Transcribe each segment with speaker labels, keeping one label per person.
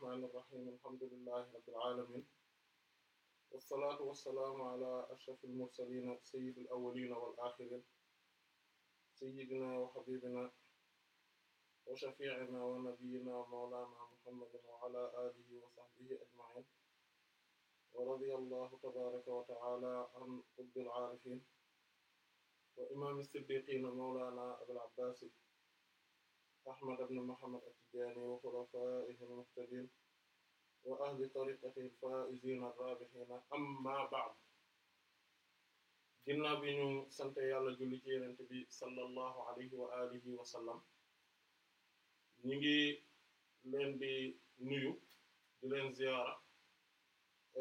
Speaker 1: rahmaani rahiim alhamdulillahi rabbil aalamiin wassalaatu wassalaamu ala ashrafil mursaliin sayyidil awwaliin wal aaxiriin sayyidinaa wa habiibinaa wa shafii'inaa wa nabiyyinaa wa mawlaanaa muhammadin wa ala aalihi wa sahbihi ajma'iin wa radiyallahu tabaaraka wa ta'aalaa an qutbil aarifiin wa imaami siddiqiin mawlaanaa abil abbaas ahmad ibn muhammad at-tijaani wa xulafaa'ihi al-muhtadiin wa ahli tariqatihi al-faa'iziina ar-raabihiina bi ñu sante yàlla julli ci yenente bi sallallahu alayhi wa alihi wa sallam ñi ngi leen di nuyu di leen ziyaara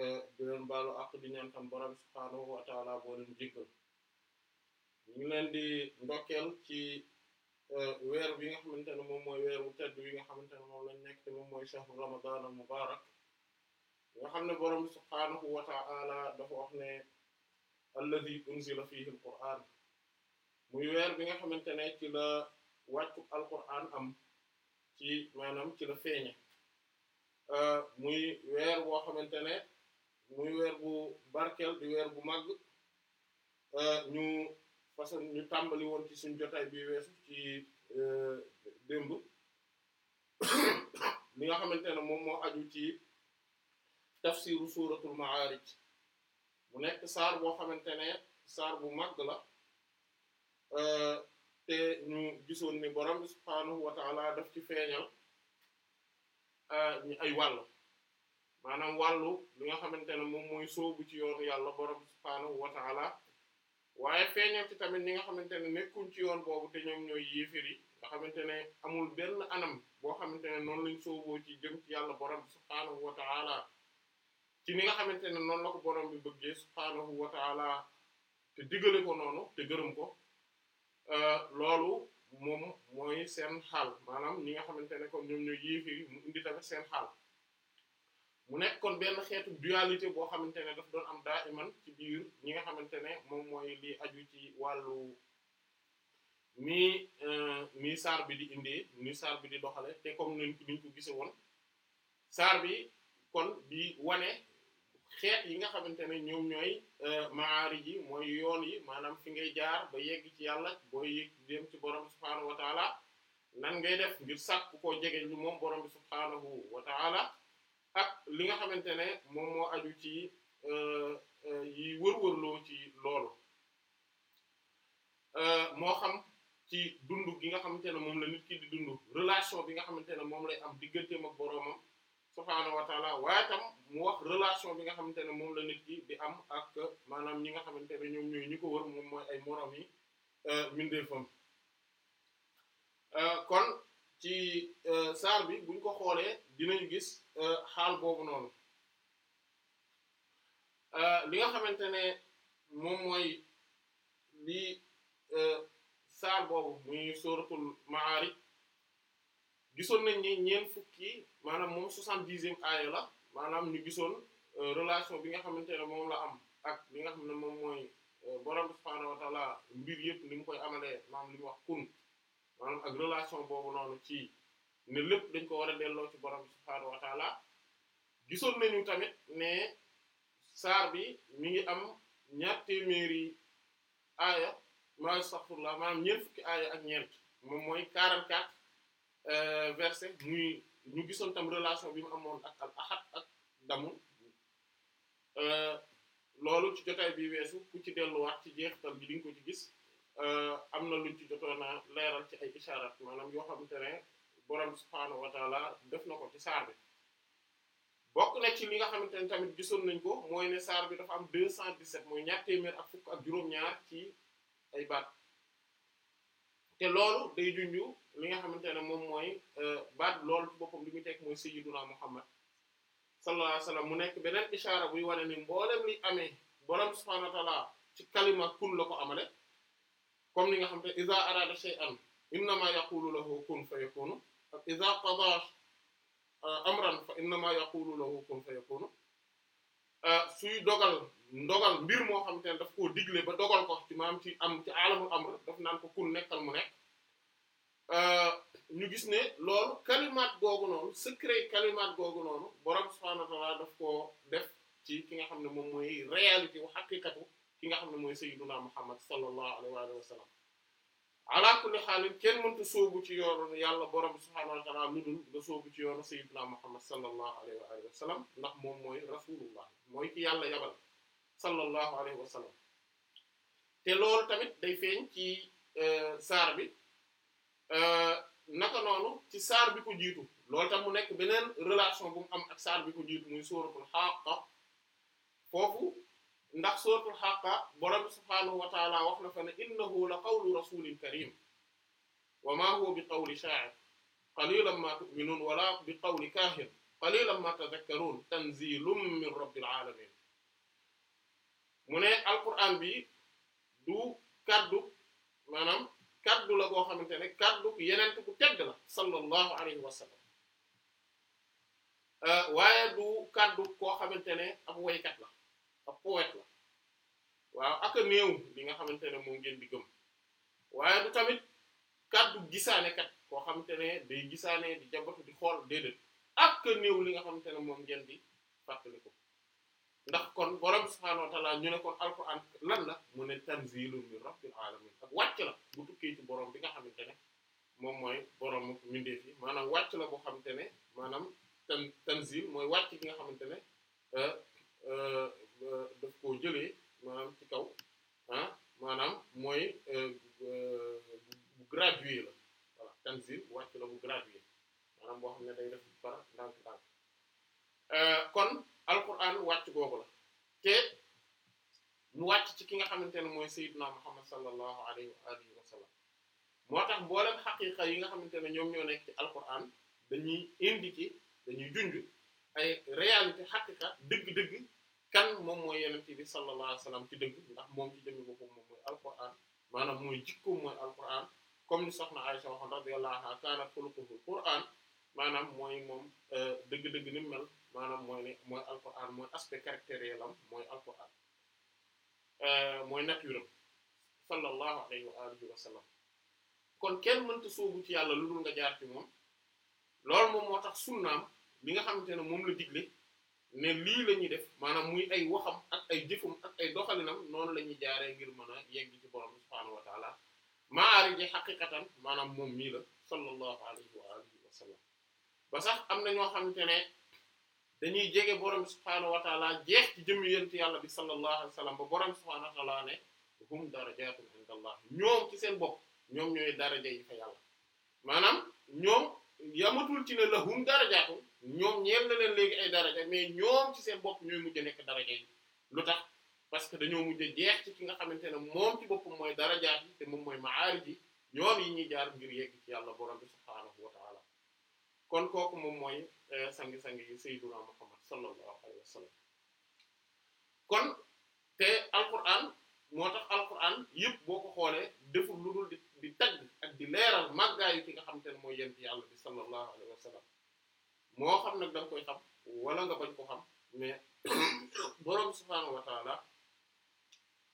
Speaker 1: eh, di leen baalu àq di ñaan tam borom subhaanahu wa ta'aala boo leen jéggal ñu ngi leen ci Euh, weer bi nga xamante ne moom mooy weer wu tedd bi nga xamante ne moom nekk te moom mooy shahru ramadan al mubarak nga xam ne borom subhaanahu wa ta'ala dafa wax ne alladhi unzila fihi al qur'an muy weer bi nga xamante ne ci la wàccu al qur'an am ci maanaam ci la feeñe euh, muy weer boo xamante ne muy weer bu barkeel di weer bu màgg euh, ñu parce que ñu tàmbali woon ci suñu jotaay bi weesu ci euh, démb li nga xamante ne moom moo aju ci tafsiru suratul ma'arij bu nekk saar boo xamante ne saar bu mag la euh, te ñu gisoon ni borom subhaanahu wa ta'ala daf ci feeñal euh, ñu ay wàll maanaam wàllu li nga xamante ne moom mooy sóobu ci yoonu yàlla borom subhaanahu wa waaye feeñal ci tamit ñi nga xamante ne nekkuñ ci yoon boobu te ñoom ñooy yéefir yi nga xamante ne amul benn anam boo xamante ne noonu lañ sooboo ci jëm ci yàlla borom bi subhaanahu ci ni nga xamante ne noonu la ko borom bi bëggee subhaanahu wa ta'ala te digale ko noonu te gërëm ko euh, loolu moom mooy seen xaal maanaam ñi nga xamante ne kon ñoom ñooy yéefir yi mu indi tamit seen xaal mu nekk kon benn xeetu dualité boo xamante ne daf doon am daa iman ci biir ñi nga xamante ne moom mooy li aju ci wàllu ni euh, ni saar bi di indee ni saar bi di doxale te comme ni ko niñ ko gise woon saar bi kon bi wane xeet yi nga xamante ne ñoom ñooy euh, maari ji mooy yoon yi maanam fi ngay jaar ba yegg ci yàlla booy yegg dem ci borom subhaanahu wa taala nan ngay def ngir sàkk koo jege ñu moom borom bi subhaanahu wa ak li nga xamante ne moom moo aju ci euh, euh, yi wër-wërloo ci loolu euh, moo xam ci dund gi nga xamante ne moom la nit ki di dund relation bi nga xamante ne moom lay am digganteem ak boroomam subhaanahu wa taala waaye tam mu wax relation bi nga xamante ne moom la nit ki di am ak maanaam ñi nga xamante ne ñoom ñooy ñi ko wër moom mooy ay moroom yi mbindeefam kon ci euh, saar bi buñ ko xoolee dinañu gis euh, xaal boobu noonu euh, li nga xamante ne moom mooy li saar boobu muy suratul maarij gisoon nañ ni ñeent fukki maanaam moom soixante-dixième aaya la maanaam ñu gisoon relation bi nga xamante ne moom la am ak li nga xam ne moom mooy borom subhaanahu wa ta'ala mbir yëpp ni mu koy amalee maanaam li mu wax kun maanaam ak relation boobu noonu ci ne lépp dañ ko war a delloo ci borom bi subhaanahu wa taala gisoon nañu tamit ne saar bi mi ngi am ñaar téeméeri aaya ma astaghfirullah maanaam ñeent fukki aaya ak ñeent moom mooy 44 euh, verset muy ñu gisoon tam relation bi mu amoon ak al ahad ak damun euh, loolu ci jotaay bi weesu ku ci delluwaat ci jeexital bi di nga ko ci gis Euh, am na luñ ci jotoon a leeral ci ay isharat maanaam yoo xamante ne borom subhaanahu wa taala def na ko ci saar bi bokk na ci li nga xamante ne tamit gisoon nañ ko mooy ne saar bi dafa am 217 mooy ñaar téeméer ak fukk ak juróom-ñaar ci ay baat te loolu day junju li nga xamante ne moom mooy euh, baat loolu ci boppam li muy teg mooy sayyiduna Muhammad sallallahu alayhi wa sallam mu nekk beneen ishaara buy wane ni mboolem li amee borom subhaanahu wa ci kalima kun la ko amale comme ni nga xam te iza arada shay'an innama yaqulu lahu kun fayakunu ak iza qada euh, amran fa innama yaqulu lahu kun fayakunu euh, suy dogal ndogal mbir moo xam te ne daf koo digle ba dogal ko ci maam ci am ci alamul amr daf naan ko kun nekkal mu nekk euh, ñu gis ne loolu kalimaat googu noonu secret kalimaat googu noonu borom subhanahu wa ta'ala daf koo def ci ki nga xam ne moom mooy réalité wu haqiqatu ki nga xam ne mooy sayyiduna Muhammad sallallahu alayhi wa sallam kenn mënta sóobu ci yoonu yàlla borom bi subhaanahu wa ta'ala lu dul nga sóobu ci yoonu sayyiduna Muhammad sallallahu alayhi wa sallam ndax moom mooy rasulullah mooy ki yàlla yabal sallallahu alayhi wa sallam te loolu tamit day feeñ ci euh, saar bi euh, naka noonu ci saar bi ko jiitu loolu tam mu nekk beneen relation bu am ak saar bi ko jiitu muy suratul Haqqa foofu ndax suratul Haqqa borom subhaanahu wa taala wax na fa ne la qawlu rasulin karim wa ma huwa bi qawli sha'ir ma tu'minun wala bi qawli kahin qalilan ma tadhakkarun min rabbil alamin mu ne alquran bi du kaddu maanaam kaddu la goo xamante ne kaddu yeneen ku tedd la sallallahu alayhi wa sallam waaye du kaddu koo xamante ne ab waykat la ab poète la waaw ak a néew li nga xamante ne moom ngeen di gëm waaye du tamit kàddu gisaane kat koo xamante ne day gisaane di jabatu di xool déedéet ak a néew li nga xamante ne moom ngeen di fàttali ko ndax kon borom subhaanahu wa ta'aala ñu ne kon alquran lan la mu ne tanzilun min rabbil alamin ak wàcc la bu tukkee ci borom bi nga xamante ne moom mooy borom mindeef yi maanaam wàcc la boo xamante ne maanaam tanzil mooy wàcc gi nga mooy sayyidna Muhammad sallallahu alayhi wa alihi wa sallam moo tax mboolem xaqiqa yi nga xamante ne ñoom ñoo nekk ci alquran dañuy indiquer dañuy junj ay réalité xaqiqa dëgg-dëgg kan moom mooy yenente bi sallallahu alayhi wa sallam ci dëgg ndax moom ci jëmmi boppam moom mooy alquran maanaam mooy jikkoom mooy alquran comme ni soxna Aisha waxoon radiyallahu anha kaana xuluquhu alquran maanaam mooy moom euh, dëgg-dëgg ni mel maanaam mooy ne mooy mooy aspect Euh, mooy nature sallallahu alayhi wa alihi wa sallam kon kenn mënta sóobu ci yàlla lu dul nga jaar ci moom loolu moom moo tax sunnaam bi nga xamante ne moom la digle ne lii la ñuy def maanaam muy ay waxam ak ay jëfam ak ay doxalinam noonu la ñuy jaaree ngir mën a yegg ci borom subhaanahu wa taala maari ji xaqiqatan maanaam moom mii la sallallahu alayhi wa alihi wa sallam ba sax am na ñoo xamante ne dañuy jege borom bi subhaanahu wa taala jeex ci jëmmi yonent yàlla bi sallallahu alayhi wa sallam ba borom bi subhaanahu wa taala ne hum darajatun inda allah ñoom ci seen bopp ñoom ñooy daraja yi fa maanaam ñoom yamatul ci ne la hum darajatun ñoom ñeel na leen léegi ay mais ñoom ci seen bopp ñooy mujj nekk daraja lu tax parce que dañoo mujj jeex ci ki nga xamante ne moom ci boppam mooy darajaat yi te moom mooy maarij yi ñoom yi ñuy jaar ngir yegg ci yàlla borom bi subhaanahu kon kooku moom mooy sangi-sangi yi sayyiduna Muhammad sallallahu alayhi wa sallam kon te alquran moo tax alquran yëpp boo ko xoolee deful lu dul di di ak di leeral màggaayu ki nga xam te ne mooy yent yàlla bi sallallahu alayhi wa sallam moo xam nag da nga koy xam wala nga bañ ko xam mais boroom subhaanahu wa taala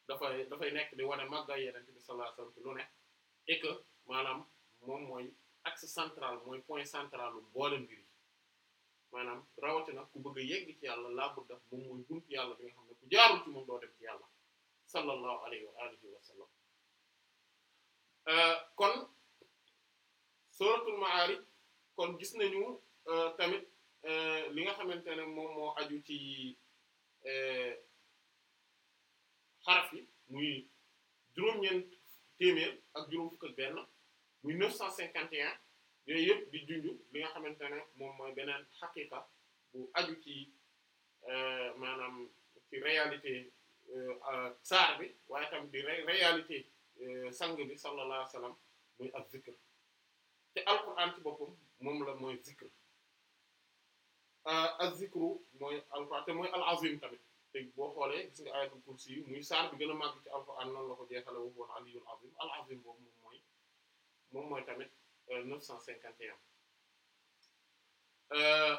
Speaker 1: dafay dafay nekk di wane màggaay yeneen bi sallallahu alayhi lu ne et que maanaam moom mooy axe central mooy point central lu boole mbir maanaam rawatina ku bëgg a yegg ci yàlla laabu daf moom mooy buntu yàlla bi nga xam ne ku jaarul ci moom doo dem ci yàlla sallallahu alayhi wa alihi wa sallam euh, kon suratul ma'arij kon gis nañu euh, tamit euh, li nga xamante ne moom moo aju ci xaraf yi muy juróom-ñeent téeméer ak juróom fukk ak benn muy 951. yooyu yëpp di junj li nga xamante ne moom mooy beneen xaqiqa bu aju ci euh, maanaam ci réalité euh, saar bi waaye tam di réalité euh, sang bi sallallahu alayhi wa sallam muy ak zikr te alquran ci boppam moom la mooy zikr ak zikru mooy alquran te mooy al azim tamit te boo xoolee gis nga ayatul yi muy saar bi gën a màgg ci alquran noonu la ko jeexale waxu woon aliyul azim al azim boobu moom mooy moom mooy tamit 951 euh, euh,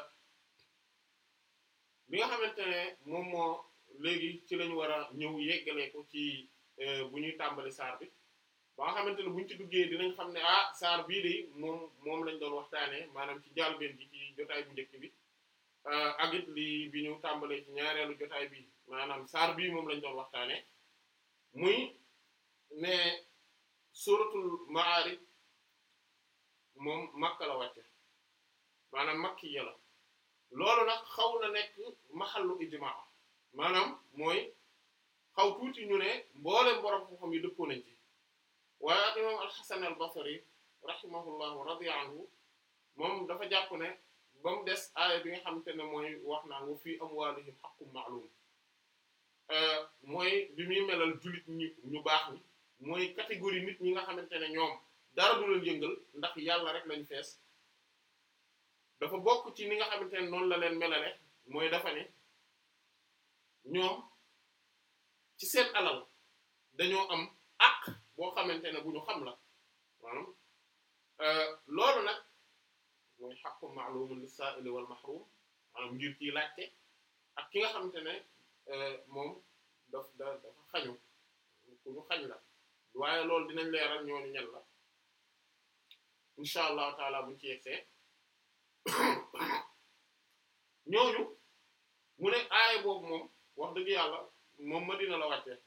Speaker 1: bi nga xamante ne moom moo léegi ci lañu war a ñëw yeggale ko ci euh, bu ñuy tàmbali saar bi ba nga xamante ne buñ ci duggee dinañ xam ne ah saar bii de moom moom lañ doon waxtaanee maanaam ci njàlbéen gi ci jotaay bu njëkk bi ak it lii bi ñu tàmbalee ci ñaareelu jotaay bi maanaam saar bii moom lañ doon waxtaane muy ne suratul Ma'ârij moom Makka la wàcce maanaam makki ya la loolu nag xaw na nekk maxallu ijmaa maanaam mooy xaw tuuti ñu ne mbooleem borom xam-xam yi dëppoo nañ ci waaye ak imam al-Hasan al-Basri rahimahullah radiya anhu moom dafa jàpp ne ba mu des aaya bi nga xamante ne mooy wax naa wa fii amwaalihim haqqun ma'luum euh, mooy bi muy melal jullit ñi ñu baax ñi mooy catégorie nit ñi nga xamante ne ñoom dara du leen yëngal ndax yàlla rek lañ fees dafa bokk ci ni nga xamante ne noonu la leen melale mooy dafa ne ñoom ci seen alal dañoo am àq boo xamante ne bu ñu xam la maanaam euh, loolu nag mooy xaqu ma'lumun lis-sa'il wal mahrum maanaam ngir laajte ak ki nga xamante ne euh, moom daf da dafa xañu ku xañ la waaye loolu dinañ leeral ñooñu ñan la incha allah taala buñ ci yegsee ñooñu mu ne aaya boobu moom wax dëgg yàlla moom ma dina la wàccee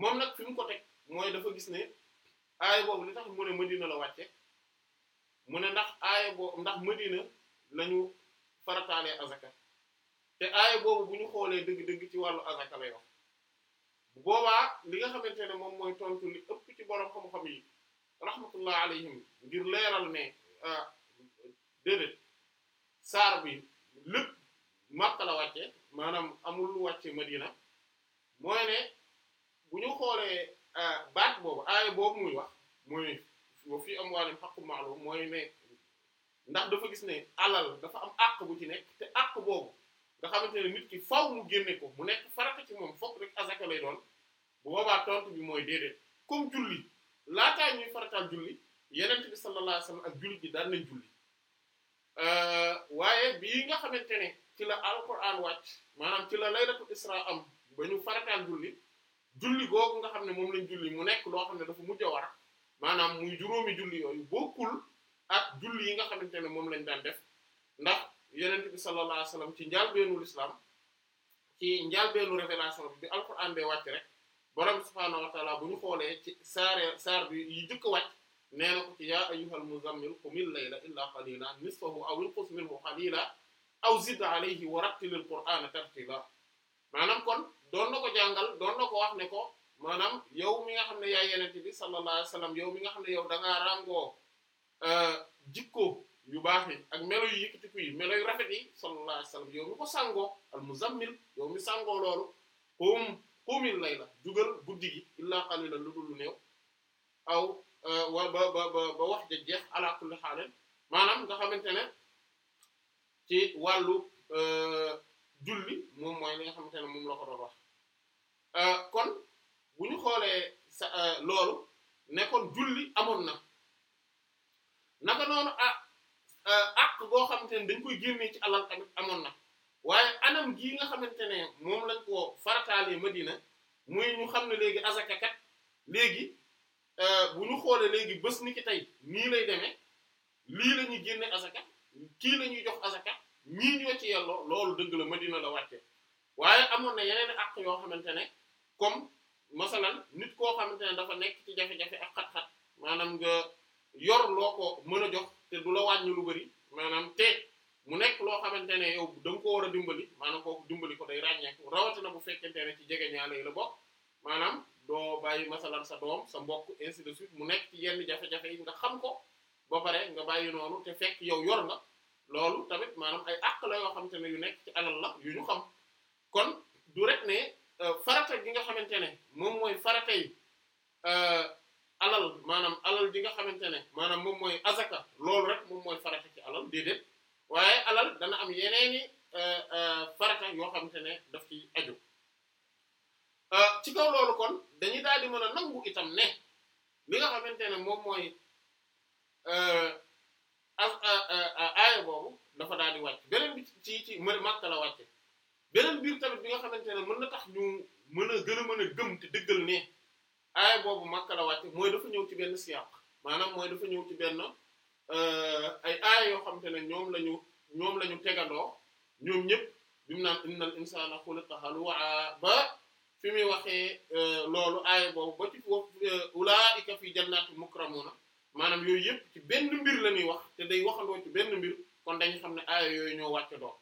Speaker 1: moom nag fi mu ko teg mooy dafa gis ne aaya boobu li tax mu ne Madina la wàcce mu ne ndax aaya boobu ndax Madina lañu farataalee azaka te aaya boobu bu ñu xoolee dëgg-dëgg ci wàllu azaka la yoon boobaa li nga xamante ne moom mooy tontu li ëpp ci borom xam-xam yi rahmatullah alayhim ngir leeral ne ah, déedéet saar bi lépp Makka la wàcce maanaam amul lu wàcce Madina mooy ne bu ñu xoolee ah, baat boobu aaya boobu muy wax mooy wa fii amwaalim haqqun ma'luum mooy ne ndax dafa gis ne alal dafa am àq bu ci nekk te àq boobu nga xamante ne nit ki faw mu génne ko mu nekk farata ci moom fokk rek azaka lay doon bu boobaa tontu bi mooy déedéet comme julli laataa ñuy farataal julli yenent bi sallallahu alayhi wasallam ak julli bi daan nañ julli euh, waaye bii nga xamante ne ci la alquran wàcc maanaam ci la laylatul isra am ba ñu farataal julli julli googu nga xam ne moom lañ julli mu nekk loo xam ne dafa mujj a war maanaam muy juróomi julli yooyu bokkul ak julli yi nga xamante ne moom lañ daan def ndax yenent bi sallallahu alayhi wasallam ci njaalbeenu l'islam ci njaalbeenu révélation bi alquran bee wàcc rek borom subhaanahu wa bu ñu xoolee ci saare saar bi yi jëkk wàcc nee na ko ci yaa ayyuhal muzammil qumil layla illa qalila nisfahu aw inqus minhu qalila aw zid alayhi wa rattilil qur'ana tartila maanaam kon doon na ko jàngal doon na ko wax ne ko maanaam yow mi nga xam ne yaay yenente bi sallallahu alayhi wasallam yow mi nga xam ne yow da ngaa ràngoo euh, jikko yu baax yi ak melo yu yëkkatiku yi melo yu rafet yi sallallahu alayhi yow mi ko sàngoo al muzammil yow mi sàngoo loolu um qumil layla jugal guddi gi illaa qalila lu dul lu néew aw euh, wa ba ba ba wax ja jeex ala kulli maanaam nga xamante ne ci wàllu euh, julli moom mooy li nga xamante ne moom la ko wax euh, kon bu ñu xoolee sa loolu ne kon julli amoon na naka noonu ah àq boo xamante ne dañ koy génnee ci alal amoon na waaye anam gii nga xamante ne moom lañ ko farataalee Madina muy ñu xam na léegi azaka kat léegi euh, bu ñu xoolee léegi bés ni ki tey nii lay demee lii la ñuy génne azaka kii la ñuy jox azaka ñii ñoo ci yelloo loolu dëgg la Madina la wàcce waaye amoon na yeneen ak yoo xamante ne comme masalan nit koo xamante ne dafa nekk ci jafe-jafe ak xat-xat maanaam nga yor loo ko mën a jox te du la wàññi lu bari maanaam te mu nekk loo xamante ne yow da war a dimbali maana kooku dimbali ko day ràññeeku rawatina bu fekkente ne ci jege ñaale yi la bo maanaam doo bàyyi masalan sa doom sa mbokk ainsi de suite mu nekk ci yenn jafe-jafe yi nga xam ko ba pare nga bàyyi noonu te fekk yow yor nga loolu tamit maanaam ay àq la yoo xamante ne yu nekk ci alal la yu ñu xam kon du rek ne euh, farata gi nga xamante ne moom mooy farata yi euh, alal maanaam alal gi nga xamante ne maanaam moom mooy azaka loolu rek moom mooy ci alal déedéet. waaye alal dana am yeneeni euh, euh, farata yoo xamante ne daf ci aju euh, ci kaw loolu kon dañuy daal di mën a nangu itam ne li nga xamante ne moom mooy aaya boobu dafa daal di wàcc beneen bi ci ci mën màkk la wàcce beneen biir tamit bi nga xamante ne mën na tax ñu mën a gën a mën a gëm te dëggal ne aaya boobu màkk la wàcce mooy dafa ñëw ci benn siyaq maanaam mooy dafa ñëw ci benn Euh, ay aaya yoo xamante ne ñoom la ñu ñoom la ñu tegandoo ñoom ñëpp bi mu naan innal insaana xuliqa halu'a ba fi muy waxee euh, loolu aaya boobu ba ci wax euh, ulaa'ika fi jannaati mukramuuna maanaam yooyu yëpp ci benn mbir la ñuy wax te day waxandoo ci benn mbir kon dañ xam ne aaya yooyu ñoo wàcce doo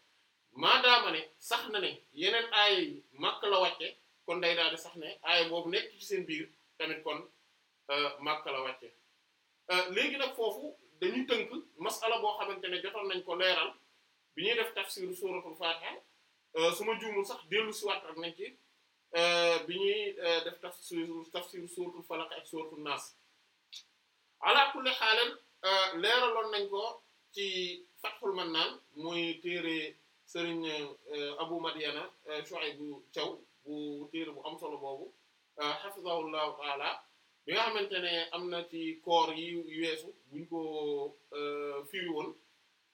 Speaker 1: maadaama ne sax na ne yeneen aaya yi màkk la wàcce kon day daal di sax ne aaya boobu nekk ci seen biir tamit kon màkk la wàcce léegi nag foofu dañuy tënk masala boo xamante ne jotoon nañ ko leeral bi ñuy def tafsiru suuratul Faatiha euh, su ma juumul sax dellu si waat ak nañ ci euh, bi ñuy euh, def tafsiru tafsiru suuratul Falaq ak suuratul Naas ala kulli xaalan leeraloon nañ ko ci Fathul Mannaan muy téere sëriñ Abu Madiana Shuaybu Thiaw bu téere bu am solo boobu hafizahullahu taala li nga xamante ne am na ci koor yi weesu buñ ko euh, firi woon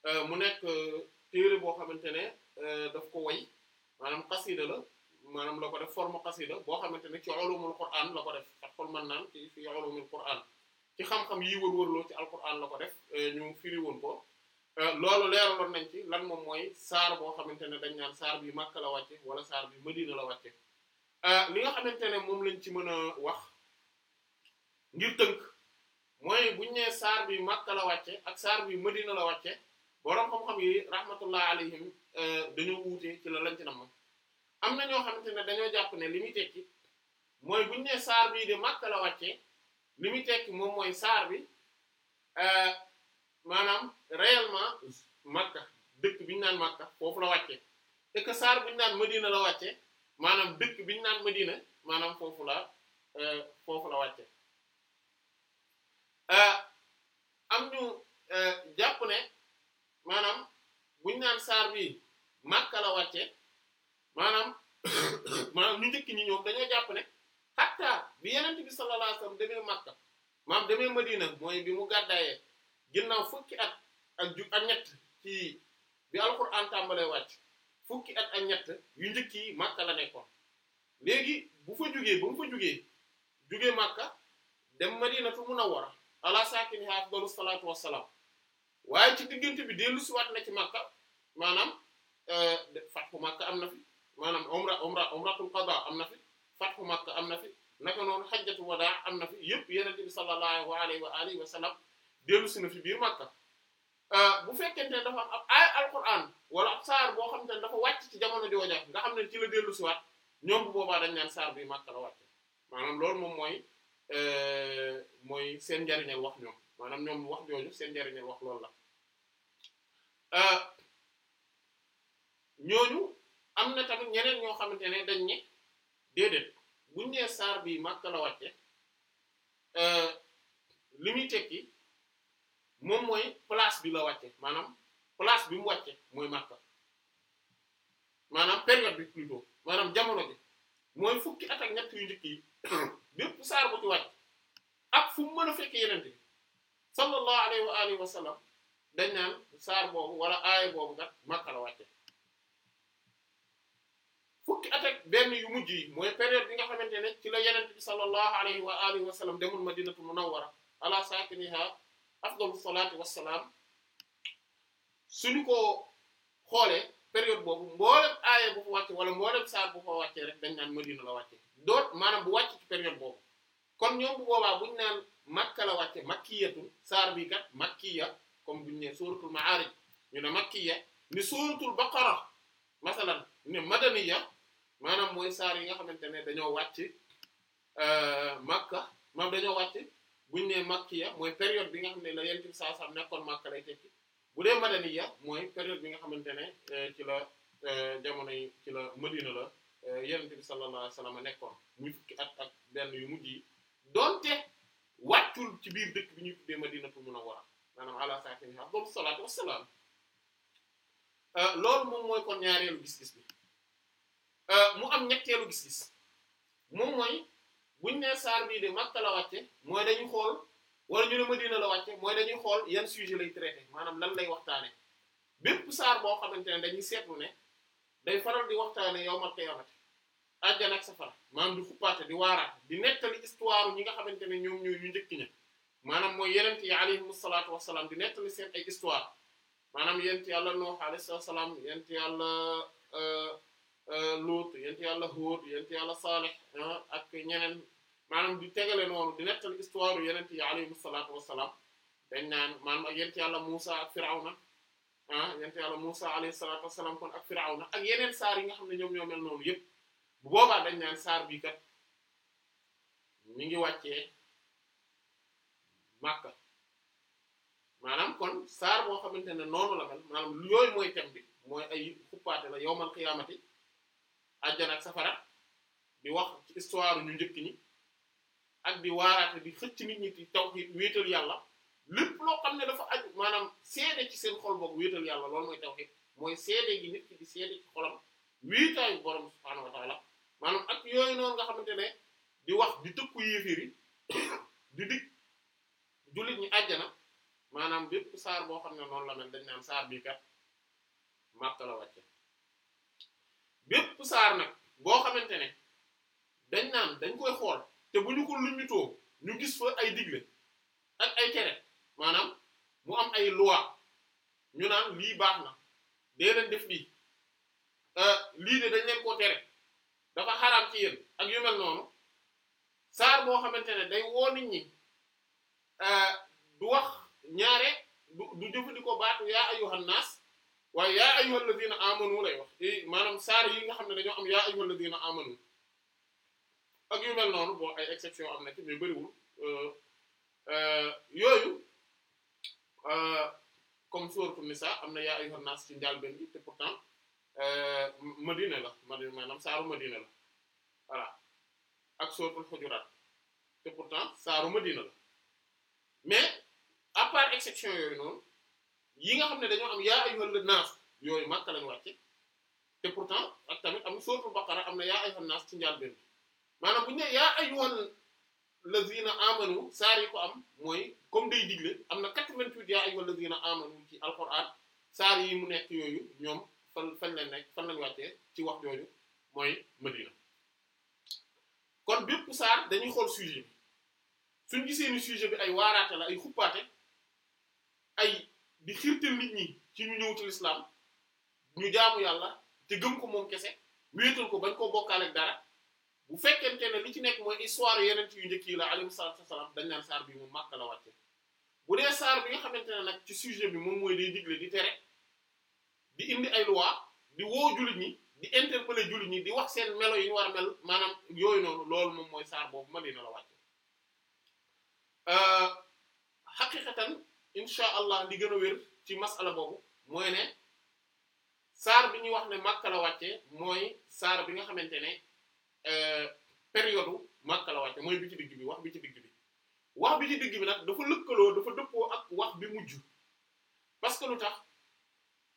Speaker 1: euh, mu nekk euh, téere boo xamante ne daf ko way maanaam xasida la maanaam la ko def forme xasida boo xamante ne ci ulumul Qur'an ko def Fathul Mannan ci fi ulumul ci xam-xam yi wër-wërloo ci alquran la ko def ñu firi woon ko loolu leeraloon nañ ci lan moom mooy saar boo xamante ne dañ naan saar bi Makka la wàcce wala saar bi Madina la wàcce li nga xamante ne moom lañ ci mën a wax ngir tënk mooy buñ nee saar bi Makka la wàcce ak saar bi Madina la wàcce borom xam-xam yi rahmatullah alayhim euh, dañoo wuute ci la lañ ci am na ñoo xamante ne dañoo jàpp ne li muy tekki mooy buñ nee saar bii de Makka la wàcce li muy tekki moom mooy saar bi euh, maanaam réellement Makka dëkk bi ñu naan Makka foofu la wàcce te que saar biñu naan Madina la wàcce maanaam dëkk ñu naan Madina maanaam foofu la euh, foofu la wàcce Euh, am ñu euh, jàpp ne maanaam buñ naan saar bi Makka la wàcce maanaam maanaam ñu njëkk ñi ñoom dañoo jàpp hatta bi Yonent bi sallallahu alayhi wasallam demee Makka maam demee Madina mooy bi mu gàddaayee ginnaaw fukki at ak ju ñett ci bi alquran tàmbalee wàcc fukki at ak ñett yu njëkk yi Makka la nekkoon léegi bu fa jugee ba mu fa jugee jugee Makka dem Madinatu Munawwara ala saakini afdalu salaatu wassalaam waaye ci diggante bi dellu siwaat na ci Makka maanaam eh, fatxu Makka am na fi maanaam umra umra umratul qada am na fi fatxu Makka am na fi naka noonu xajjatu wadaa am na fi yëpp yenente bi sallallahu alayhi wa alihi wa dellu si na fi biir Makka eh, bu fekkente ne dafa am ab aaya alquran wala ab saar boo xam te ne dafa wàcc ci jamono di wajax nga xam ne ci la dellu siwaat ñoom bu boobaa dañ naan saar bi Makka la wàcc maanaam loolu mooy Euh, mooy seen njariñal wax ñoom maanaam ñoom wax jooju seen njariñal wax loolu la euh, ñooñu am na tamit ñeneen ñoo xamante ne dañ ne déedéet buñ nee saar bi màkk la wàcce euh, li muy tekki moom mooy place bi la wàcce maanaam place bi mu wàcce mooy màkk maanaam période bi plutôt maanaam jamono bi mooy fukki at ak ñett yu njëkk yi bépp saar bu ci wàcc ak fu mu mën a fekk yeneen bi sallallahu alayhi wa alihi wa sallam dañ naan saar boobu wala aaya boobu kat Makka la wàcce fukki at benn yu mujj yi mooy période bi nga xamante ne ci la yeneen bi sallallahu alayhi wa alihi wa sallam demul Madinatu Munawwara ala saakiniha afdalu salaati wassalaam suñu ko xoolee période boobu mboolem aaya bu fa wàcce wala mboolem saar bu fa wàccee rek dañ naan Madina la wàcce doot maanaam bu wàcc ci période boobu kon ñoom bu boobaa buñ naan Makka la wàcce makkiyatu saar bi kat makkiya comme buñ ne suratul Ma'arij ñu ne makkiya ni suratul Baqara masalan ne madaniya maanaam mooy saar yi nga xamante ne dañoo wàcc euh, Makka maanaam dañoo wàcc buñ ne makkiya mooy période bi nga xam ne la yentim saa sam nekkoon Makka lay tekki bu dee madaniya mooy période bi nga xamante ne euh, ci la euh, jamono yi ci la madina la euh, yonent bi sallallahu alayhi wasallam nekkoon muy fukki at ak benn yu mujj yi donte wàccul ci biir dëkk bi ñuy tuddee madinatul munawwara maanaam ala saakinihaa afdalu salaatu wassalaam loolu moom mooy kon ñaareelu gis-gis bi mu am ñetteelu gis-gis moom mooy buñ ne saar bii de Makka la wàcce mooy dañu xool wala ñu ne Madina la wàcce mooy dañuy xool yan sujet lay traité maanaam lan lay waxtaane bépp saar boo xamante ne dañuy seetlu ne day faral di waxtaane yow ma teewate ak safara maanaam di xuppaate di waaraate di nettali histoire ñi nga xamante ne ñoom ñooy ñu njëkk maanaam mooy yenent yi alayhim salaatu wassalaam di nettali seen ay histoire maanaam yent yàlla Nuux alayhi salaam yent yàlla euh, euh, Luut yent yàlla Huud yent yàlla Saalih ah, ak ñeneen maanaam di tegale noonu di nettal histoire yeneen yi alayhi salaatu wassalaam dañ naan maanaam ak yent yàlla Musa ak Firawna ah yent yàlla Musa alayhi salaatu wassalaam kon ak Firawna ak yeneen saar yi nga xam ne ñoom ñoo mel noonu yëpp bu boobaa dañ naan saar bii kat mi ngi wàcce Makka maanaam kon saar boo xamante ne noonu la mel maanaam yooyu mooy thème bi mooy ay xuppaate la yawmal qiyaamati àjjana ak safara di wax ci histoire ñu njëkk ak di waaraate di xëcc nit ñi ci tawhid wéetal yàlla lépp loo xam ne dafa aju maanaam seede ci seen xol boog wéetal yàlla loolu mooy tawhid mooy seede gi nit ki di seede ci xolam wéetaayu borom subhaanahu wa maanaam ak yooyu noonu nga xamante ne di wax di tëkku yéeféer yi di dig jullit ñi àjjana maanaam bépp saar boo xam ne noonu la mel dañ naan saar bii kat Makka la wàcce bépp saar nag boo xamante ne dañ naan dañ koy xool te bu ñu ko limitoo ñu gis fa ay digle ak ay tere maanaam mu am ay loi ñu naan lii baax na dee leen def lii euh, lii de dañ leen koo tere dafa xaraam ci ak yu noonu saar boo xamante ne day woo ñi euh, du wax ñaare du du jëfandikoo baatu yaa ayyuhan naas waaye yaa ayyuhal ladina amanu lay wax eh, maanaam saar yi nga xam ne dañoo am yaa ayyuhal ladina amanu ak yu noonu bon ay exception am na ci mais bëriwul euh, euh, yooyu euh, comme sourate am na yaa ayyuhan nas ci njàlbéen bi te pourtant Madina la Madina maanaam saaru Madina la voilà ak sourate Hujurat te pourtant saaru Madina la mais à part exception yooyu noonu yi nga xam ne dañoo am yaa ayyuhan nas yooyu Makka lañu wàcce te pourtant ak tamit am sourate Baqara am na yaa ayyuhan nas ci njàlbéen bi maanaam bu ñu ne yaa ayyuhal na amanu saar yi ko am mooy comme day digle am na 88 yaa ayyuhal lazina amanu ci alquran saar yi mu nekk yooyu ñoom fan fan lañ nekk fan lañ wàccee ci wax jooju mooy Madina kon bépp saar dañuy xool sujet bi suñ gisee ni sujet bi ay waaraate la ay xuppaate ay di xiirtal nit ñi ci ñu ñëw ci l'islam ñu jaamu yàlla te gëm ko moom kese wéetal ko bañ koo bokkaaleeg dara bu fekkente ne li ci nekk mooy histoire yeneen yu njëkk yi la alayhi salaatu wasalaam dañ naan saar bi moom Makka la wàcce bu dee saar bi nga xamante ne nag ci sujet bi moom mooy day digle di tere di indi ay loi di woo jullit ñi di interpeller jullit ñi di wax seen melo yi ñu war a mel maanaam yooyu noonu loolu moom mooy saar boobu Madina la wàcce xaqiqatan euh, insha allah di gën a wér ci masala boobu mooy ne saar bi ñuy wax ne Makka la wàcce mooy saar bi nga xamante ne Euh, période Makka la wàcc mooy bi ci digg bi wax bi ci digg bi wax bi ci digg bi nag dafa lëkkaloo dafa dëppoo ak wax bi mujj parce que lu tax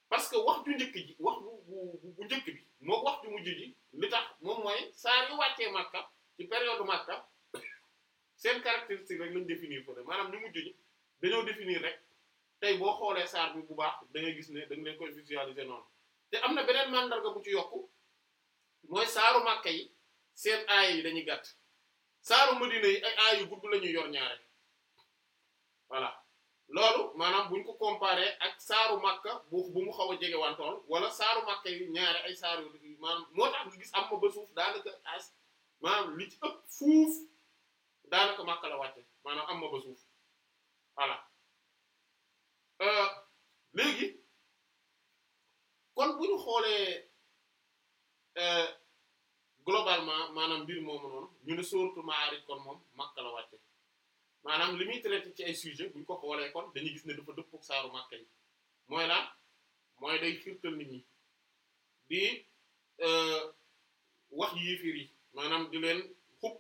Speaker 1: parce que wax ju njëkk ji wax bu bu bu njëkk bi moo wax ju mujj ji li tax moom mooy saa yu wàccee Makka ci période Makka seen caractéristique rek lu définir ko de maanaam ñu mujj ji dañoo définir rek tey boo xoolee saar bi bu baax da gis ne da nga leen koy visualiser noonu te am na beneen mandarga bu ci yokku mooy saaru Makka yi. seen aaya yi dañuy gàtt saaru Madina yi ay aaya yu gudd la ñuy yor ñaare voilà loolu maanaam buñ ko comparer ak saaru Makka bu bu mu xaw a jege wantoon wala saaru Makka yi ñaare ay saaru maanaam moo tax nga gis am ma ba suuf daal as maanaam li ci ëpp fuuf la wàcce maanaam am ma ba suuf voilà euh, léegi kon bu ñu xoolee. Euh, globalement maanaam mbir moomu noonu ñu ne sóortu Maarij kon moom Makka la wàcce maanaam li muy traité ci ay sujet buñ ko xoolee kon dañuy gis ne dafa dëppoo saaru Makka yi mooy la mooy day firtal nit ñi di euh, wax yéefir yi maanaam di leen xupp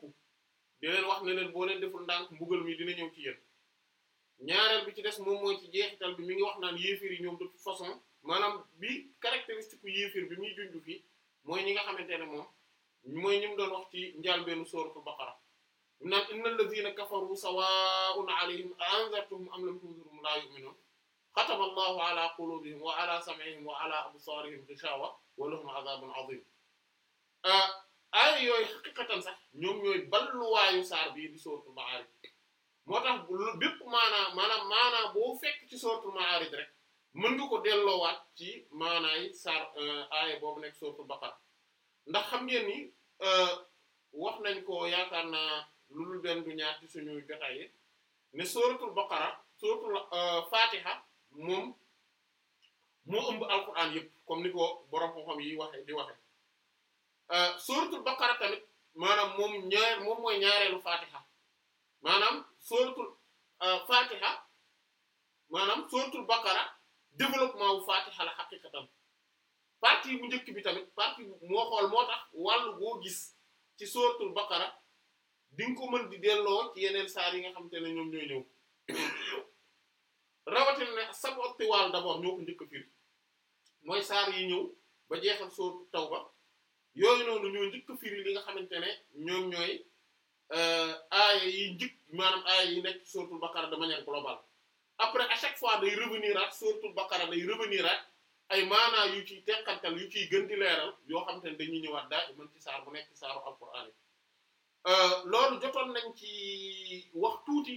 Speaker 1: di leen wax ne leen boo leen deful ndànk mbugal mi dina ñëw ci yéen ñaareel bi ci des moom mooy ci jeexital bi mi ngi wax naan yéefir yi ñoom de façon maanaam bi caractéristique u yéefir bi muy junj fii mooy ñi nga xamante ne moom mooy ñi mu doon wax ci njàlbeenu sóoratu baqara naan innal lazina kafaru sawaa'un alayhim a anzartuhum am lam tunzirhum laa yu'minuun xatama allahu ala qulubihim wa ala sam'ihim wa ala absaarihim ghishaawa wa lahum azaabun aziim aaya yooyu xaqiqatan sax ñoom ñooy balluwaayu saar bii di sóoratu Maarij moo tax bépp maanaa maanaam maanaa boo fekk ci sóoratu Maarij rek mën nga ko delloowaat ci maanaay saar euh, aaya boobu nekk sóoratu Baqara ndax xam ngeen ni euh, wax nañ ko yaakaar na lu dul benn du ñaar ci suñuy jotaay yi ne suratul baqara suratul euh, fatiha moom mu ëmb alquran yëpp comme ni ko borom xam-xam yi waxe di waxe euh, suratul baqara tamit maanaam moom ñaar moom mooy ñaareelu fatiha maanaam suratul fatiha maanaam suratul baqara développement wu fatiha la xaqiqatan partie bu njëkk bi tamit partie moo xool moo tax wàll boo gis ci sóoratul baqara di nga ko mën di delloo ci yeneen saar yi nga xamante ne ñoom ñooy ñëw rawatina ne sabu tiwaal d'abord ñoo ko njëkk firi mooy saar yi ñëw ba jeexal sóoratu tawba yooyu noonu ñoo njëkk a firi li nga xamante ne ñoom ñooy euh, aaya yi njëkk maanaam aaya yi nekk sóoratul baqara dama manière globale après à chaque fois day revenir ak sóoratul baqara day revenir ak ay maanaa yu ci ciy teqantal yu ciy gën di leeral yoo xam te ne dañuy ñëwaat daal mën ci saar bu nekk ci saaru alquran yi euh, loolu jotoon nañ ci wax tuuti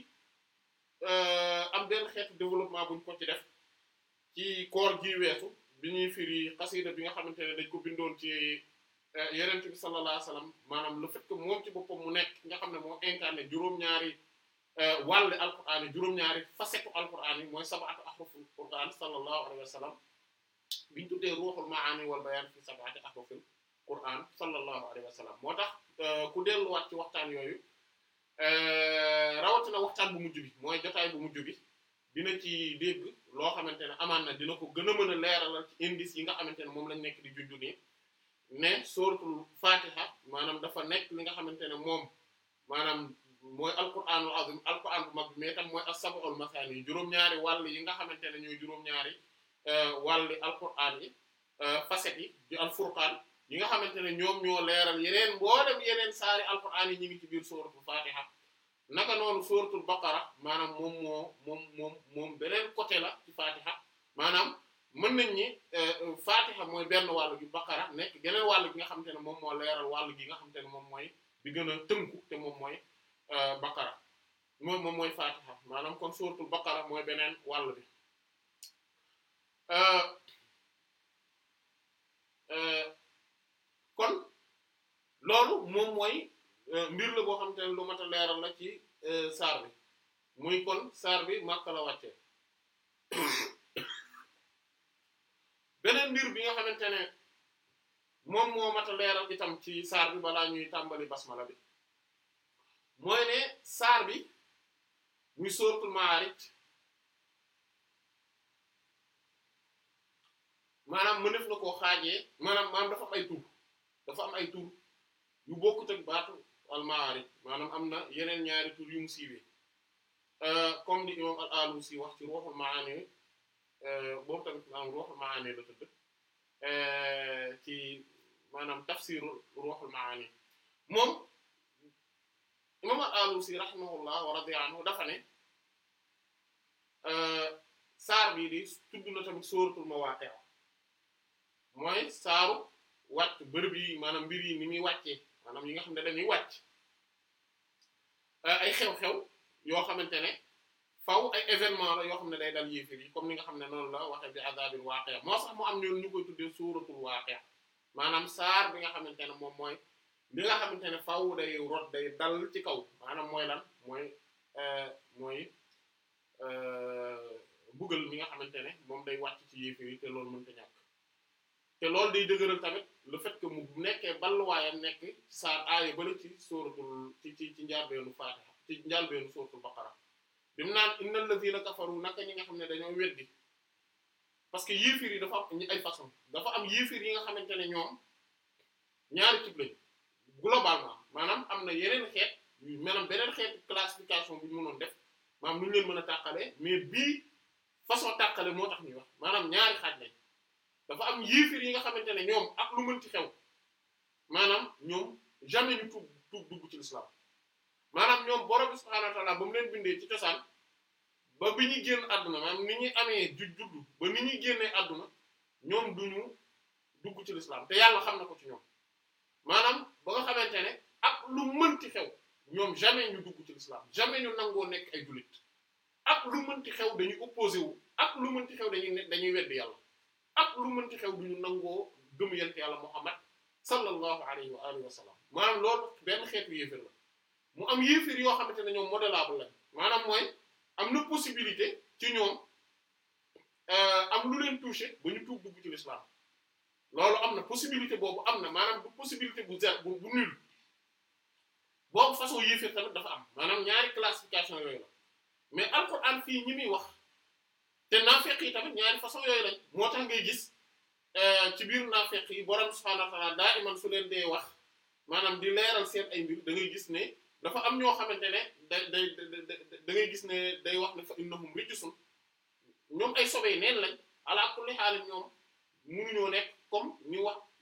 Speaker 1: euh, am benn xeetu développement buñ ko ci def ci koor gi weesu bi ñuy firi xasida bi nga xamante ne dañ ko bindoon ci euh, yeneen bi sallallahu alayhi maanaam lu fait que moom ci boppam mu nekk nga xam ne moo incarné juróom-ñaari wàll alquran yi juróom-ñaari facette alquran yi mooy sabaatu ahruful quran sallallahu alayhi wasallam biñu tuddee ruuxul maani wal bayaan fi sab'ati ahrufil quran sallallahu alayhi wa sallam moo tax euh, ku delluwaat ci waxtaan yooyu euh, rawatina waxtaan bu mujj bi mooy jotaay bu mu bi dina ci dégg loo xamante ne amaan na dina ko gën a mën a leeralal ci yi nga xamante ne moom lañ nekk di junju nii ne suratul fatiha maanaam dafa nekk li nga xamante ne moom maanaam mooy alquranul azim alquran bu mag bi mais tam mooy as-sab'ul mathani juróom-ñaari wàll yi nga xamante ne ñooy juróom-ñaari Euh, wàlli alquran yi euh, facette yi di alfurqaan yi nga xamante ne ñoom ñoo leeral yeneen mboolem yeneen saari alquran yi ñu ngi ci biir sourate Fatiha naka noonu suratul baqara maanaam moom moo moom moom moom beneen côté la ci maanaam mën nañ ñi euh, Fatiha mooy benn wàll gi baqara wàll gi nga xamante ne moom moo leeral wàll gi nga xamante ne moom mooy bi gën a tënku te moom mooy baqara moom moom mooy Fatiha maanaam kon suratul baqara mooy beneen wàll bi Euh, euh, kon loolu moom mooy euh, mbir la boo xam te ne lu mat a leeral la ci saar bi muy kon saar bi Makka la wàccee beneen mbir bi nga xamante ne moom moo mat a leeral itam ci saar bi balaa ñuy tàmbali basmala bi mooy ne saar bi muy sóortul Maarij maanaam mëneef na koo xaajee maanaam maanaam dafa am ay tur dafa am ay tur yu bokkut ak baatu almaari maanaam am na yeneen ñaari tur yu mu siiwee euh, comme ni imam al-Alusi wax ci Ruuhul Maani euh, boobu tamit maanaam Ruuhul Maani la tudd euh, ci maanaam tafsiru Ruuhul Maani moom imam al-Alusi rahimahullah wa radiya anhu dafa ne saar bii di tudd na tamit sóoratul Mawaaqi'a mooy saaru wàcc bërëb yi maanaam mbir yi ni muy wàccee maanaam yi nga xam ne dañuy wàcc ay xew-xew yoo xamante ne faw ay événement la yoo xam ne day dal yéefir yi comme ni nga xam ne noonu la waxee bi azabil waaqia moo sax mu am ñoon ñu koy tuddee suuratul waaqia maanaam saar bi nga xamante ne moom mooy li nga xamante ne faw day rot day dal ci kaw maanaam mooy lan mooy euh, mooy euh, mbugal mi nga xamante ne moom day wàcc ci yéefir yi te loolu mënta ñàkk te loolu day dëgëral tamit lu fekk que mu nekkee balluwaayam nekk saar aaya bala ci sóoratul ci ci ci njaalbeenu Faatiha ci njaalbeenu sóoratul Baqara bi mu naan innal lazina kafaru naka ñi nga xam ne dañoo weddi parce que yéefir yi dafa am ay façon dafa am yéefir yi nga xamante ne ñoom ñaari type lañ globalement maanaam am na yeneen xeet yu beneen xeetu classification bu ñu mënoon def maanaam lu ñu leen mën a tàqalee mais bii façon tàqale moo tax ñuy wax maanaam ñaari xaaj lañ dafa am yéefir yi nga xamante ne ñoom ak lu mënti xew maanaam ñoom jamais ñu tuub tuub dugg ci lislaam maanaam ñoom borom bi subhaanahu wa ta'aala leen bindee ci cosaan ba bi ñuy génn àdduna maanaam ni ñuy amee ju juddu ba ni ñuy génnee àdduna ñoom duñu dugg ci lislaam te yàlla xam na ko ci ñoom maanaam ba nga xamante ne ak lu mënti xew ñoom jamais ñu dugg ci lislaam jamais ñu nangoo nekk ay jullit ak lu mënti xew dañuy opposé wu ak lu mënti xew dañuy dañuy weddi yàlla ak lu mën ci xew duñu nangoo gëm yent yàlla Muhammad sallallahu alayhi wa alihi wa sallam maanaam loolu benn xeetu yéefér la mu am yéefér yoo xamante ne ñoom modélable la maanaam mooy am na possibilité ci ñoom euh, am lu leen touché bu ñu tuub dugg ci l'islam loolu am na possibilité boobu am na maanaam bu possibilité bu zéro bu nul boobu façon yéefér tamit dafa am maanaam ñaari classification yooyu la mais alquran fii ñi muy wax te naafeq yi tamit ñaari façon yooyu lañ moo tax ngay gis euh, ci biir naafeq yi borom subhaanahu wa ta'aala daa iman su leen dee wax maanaam di leeral seen ay mbir da gis ne dafa am ñoo xamante ne day day gis ne day wax ne fa innahum rijsun ñoom ay sobe neen lañ ala kulli haal ñoom munuñoo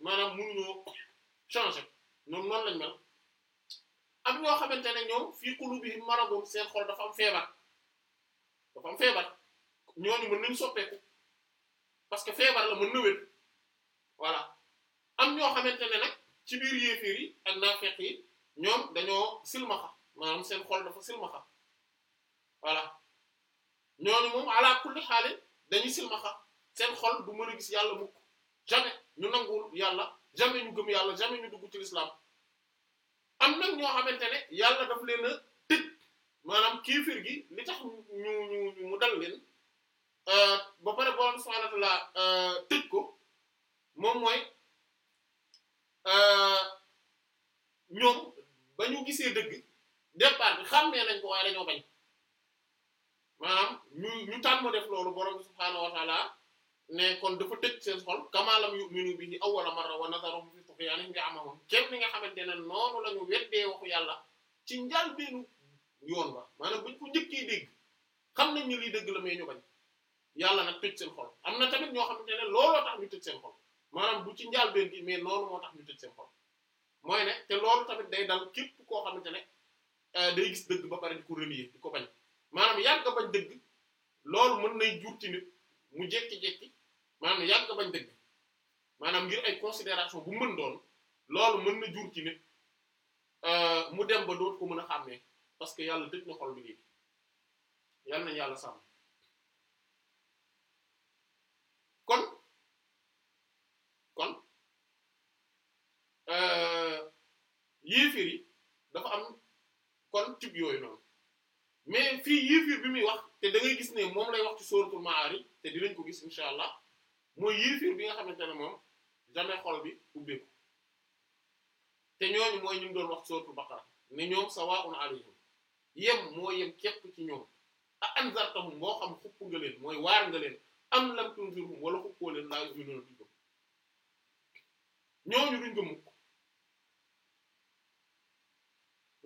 Speaker 1: maanaam munuñoo changer ñoom noonu lañ mel xamante ne ñoom fii qulubihim maradun seen xol dafa am feebar dafa am feebar. ñooñu mën nañ soppeeku parce que feebar la mën na wér voilà am ñoo xamante ne nag ci biir yéeféer yi ak naafeq yi ñoom dañoo silmaxa maanaam seen xol dafa silmaxa voilà ñooñu moom ala kulli xaale dañuy silmaxa seen xol du mën a gis yàlla mukk jamais ñu nanguwul yàlla jamais ñu gëm yàlla jamais ñu dugg ci l'islam am nag ñoo xamante ne yàlla daf leen a tëj maanaam kiifir gi li tax ñu ñu mu dal leen Euh, ba pare borom subhaanahu wa ta'aala euh, tëj ko moom mooy euh, ñoom ba ñu gisee dëgg départ bi xam ne nañ ko waaye dañoo bañ maanaam ñu ñu tàmm def loolu borom subhaanahu wa ta'aala ne kon dafa tëj seen xol kamaa lam yu'minu bihi awwala marra wa nazaruhum fi tughyaanihim ya'mahuun képp ni nga xamante ne noonu la ñu weddee waxu yàlla ci njàlbeenu yoon ba maanaam buñ ko njëkkee dégg xam nañ ñu lii dëgg la mais ñu bañ. yàlla nag tëj seen xol am na tamit ñoo xamante ne looloo tax ñu tëj seen xol maanaam bu ci njàlbeen gi mais noonu moo tax ñu tëj seen xol mooy ne te loolu tamit day dal képp koo xamante ne euh, day gis dëgg ba pare di ko renier di ko bañ maanaam yàgg bañ dëgg loolu mën nay jur ci mu jekki-jekki maanaam yàgg bañ dëgg maanaam ngir ay considération bu mën doon loolu mën na jur ci nit euh, mu dem ba dootu ko mën a xàmmee parce que yàlla tëj na xol bi léegi yàlla nañ yàlla sàmm Euh, yéefir yi dafa am kon cib yooyu noonu mais fii yéefir bi muy wax te da gis ne moom lay wax ci sóoratul yi te dinañ ko gis incha allah mooy yéefir bi nga xamante ne moom jamais xol bi ubbeeku te ñooñu mooy ñu ngi doon wax sóoratul Baqara ne ñoom sawaa'un yem moo yem képp ci ñoom a anzartahum moo xam xupp nga leen mooy waar nga leen am lam tunzirhum wala xuppoo leen laa yu'minuuna duñ gëm ñooñu